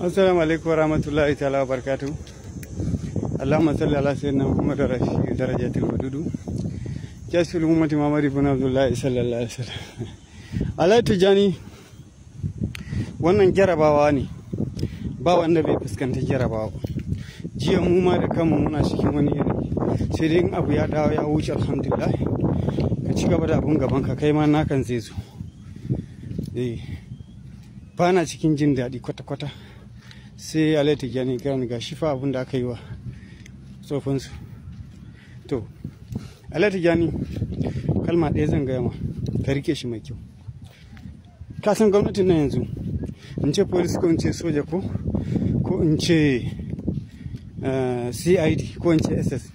assalamu alaikum warahmatullahi ta'ala wabarakatuh اللهم صل على سيدنا محمد رفيع درجات الودود كشف الأمة محمد بن عبد الله Abdullah sallallahu alaihi wasallam. Alai tujani wannan jarabawa ne ba wanda bai fuskanta jarabawa jiya mu ma da kanmu muna cikin wani yanayi sai dai in abu ya dawo ya wuce alhamdulillah ka ci gaba da abun gaban ka kai ma na kan zai zo eh ba na cikin jin daɗi kwata-kwata sai alaita gani gani ga shi fa abun da aka yi wa tsofinsu to alaita gani kalma ɗaya zan gaya ma ka rike shi mai kyau ka san gwamnatin na yanzu in ce polis ko in ce soja ko ko in ce eh, cid ko in ce ss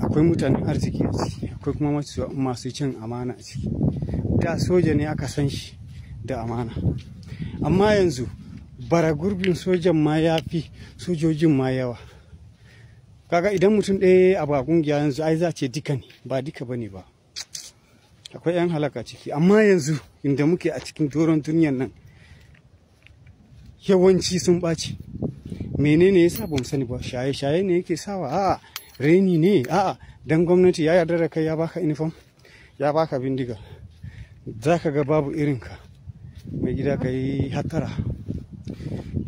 akwai mutanen arziki a ciki akwai kuma masu cin amana a ciki da soja ne aka san shi da amana amma yanzu bara gurbin sojan ma ya fi sojojin ma yawa kaga idan mutum ɗaya a a kungiya yanzu ai za ce duka ne ba duka ba ba akwai 'yan halaka ciki amma yanzu inda muke a cikin doron duniyan nan yawanci sun ɓaci menene yasa ba sani ba shaye-shaye ne yake sawa a reni ne 'a dan gwamnati ya yarda da kai ya baka uniform ya baka bindiga za ka ga babu irinka mai gida ka yi hattara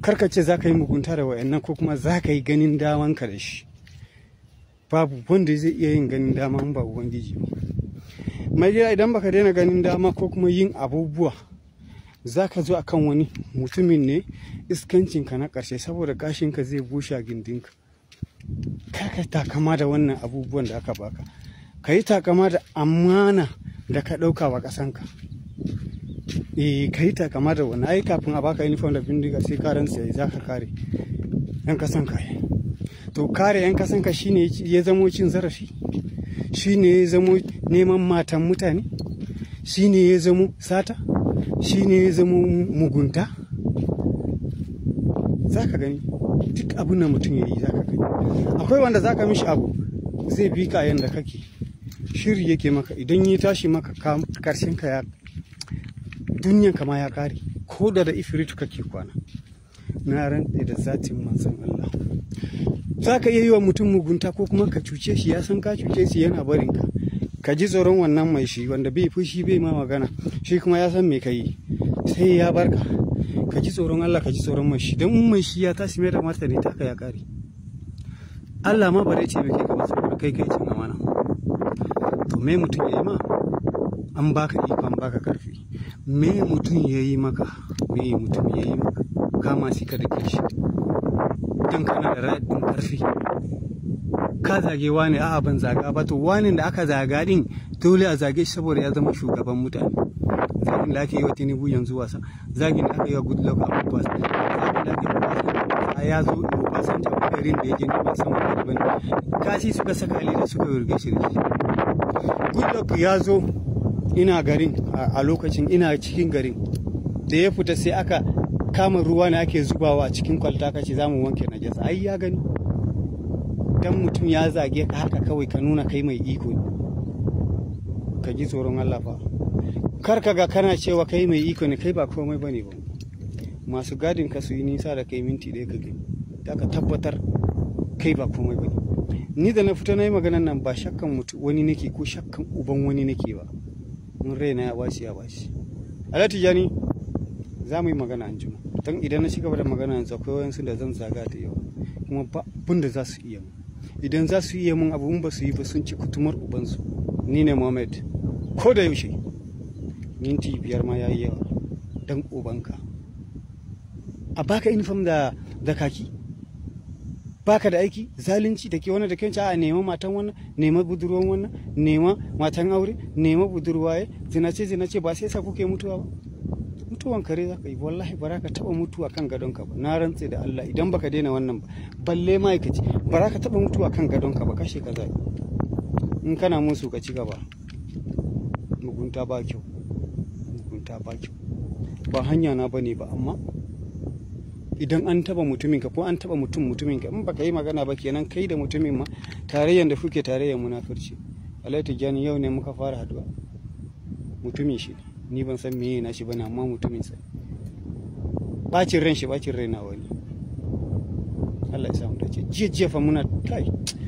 karka ce za ka yi mugunta da wayannan ko kuma za ka yi ganin damanka da shi babu wanda zai iya yin ganin dama in ba ubangiji mai gida idan baka daina ganin dama ko kuma yin abubuwa za ka zo kan wani mutumin ne iskancinka na ƙarshe saboda gashinka zai bushe gindinka ka takama da wannan abubuwan da aka baka ka yi takama da amana da ka ɗauka wa ƙasanka eh ka yi takama da wani ai kafin a baka uniform da bindiga sai ka rantsa za ka kare yan kasan ka to kare yan kasan ka shine ya zamo cin zarafi shine ya zamo neman matan mutane shine ya zamo sata shine ya zamo mugunta za ka gani duk abin da mutum ya yi za ka gani akwai wanda za ka mishi abu zai bi ka yadda kake shiri yake maka idan ya tashi maka karshen ka ya. duniyan kama ya kare ko da da ifiritu kake kwana na ran da zatin manzon Allah za ka iya yi wa mutum mugunta ko kuma ka cuce shi ya san ka cuce shi yana barin ka ka ji tsoron wannan mai shi wanda bai fushi bai ma magana shi kuma ya san me ka yi sai ya barka ka ji tsoron Allah ka ji tsoron mai shi don mai shi ya tashi mai da martani ta ka ya kare Allah ma bare ce bai kai ka ba kai kai cin amana to me mutum ya yi ma an baka iko an baka karfi me mutum ya yi maka me mutum ya yi maka kama shi ka dake shi dan kana da ra'ayin karfi ka zage wani a'a ban zaga ba to wani da aka zaga din dole a zage shi saboda ya zama shugaban mutane zagin da ake yi wa tinubu yanzu wasa zagin da aka yi wa goodluck abubuwa zagin da ake yi wa ya zo obasanjo garin da ya je na san wani kashi suka saka da suka yi wurge shi goodluck ya zo ina garin a lokacin ina cikin garin da ya fita sai aka kama ruwa ne ake zubawa a cikin kwalta ka ce zamu wanke jasa ai ya gani dan mutum ya zage ka haka kawai ka nuna kai mai iko ne." ka ji tsoron Allah fa kar ka ga kana cewa kai mai iko ne kai ba komai bane ba masu gadin ka su yi nisa da kai minti ɗaya ka gani ka tabbatar kai ba komai bane ni da na fito na yi maganan nan ba shakkan wani nake ko shakkan uban wani nake ba in raina ya bashi ya bashi alati tijani za mu yi magana an jima don idan na ci gaba da magana yanzu akwai wayansu da zan zaga da yau kuma ba abin da za su iya mun idan za su iya mun abubuwan ba su yi ba sun ci kutumar ubansu ni ne mohammed ko da yaushe minti biyar ma ya yi yawa don ubanka a baka inifam da kaki baka da aiki zalunci da ke wani da kyanci a nema matan wannan nema budurwan wannan nema matan aure nema budurwaye zinace zinace ba sai sa kuke mutuwa ba mutuwan kare za ka yi wallahi ba za ka taba mutuwa kan gadon ka ba na rantse da Allah idan baka daina wannan ba balle ma'aikaci ba za ka taba mutuwa kan gadon ka ba kashe ka zai in kana musu ka ci gaba mugunta ba kyau mugunta ba kyau ba hanya na bane ba amma idan an taba mutumin ka ko an taba mutum mutumin ka in baka yi magana ba kenan kai da mutumin ma tarayyan da kuke tarayyan munafurci Allah ta yau ne muka fara haduwa mutumin shi ni ban san meye na shi bane amma mutumin sa bacin ran shi bacin rai na wani Allah ya samu dace jiya jiya fa muna kai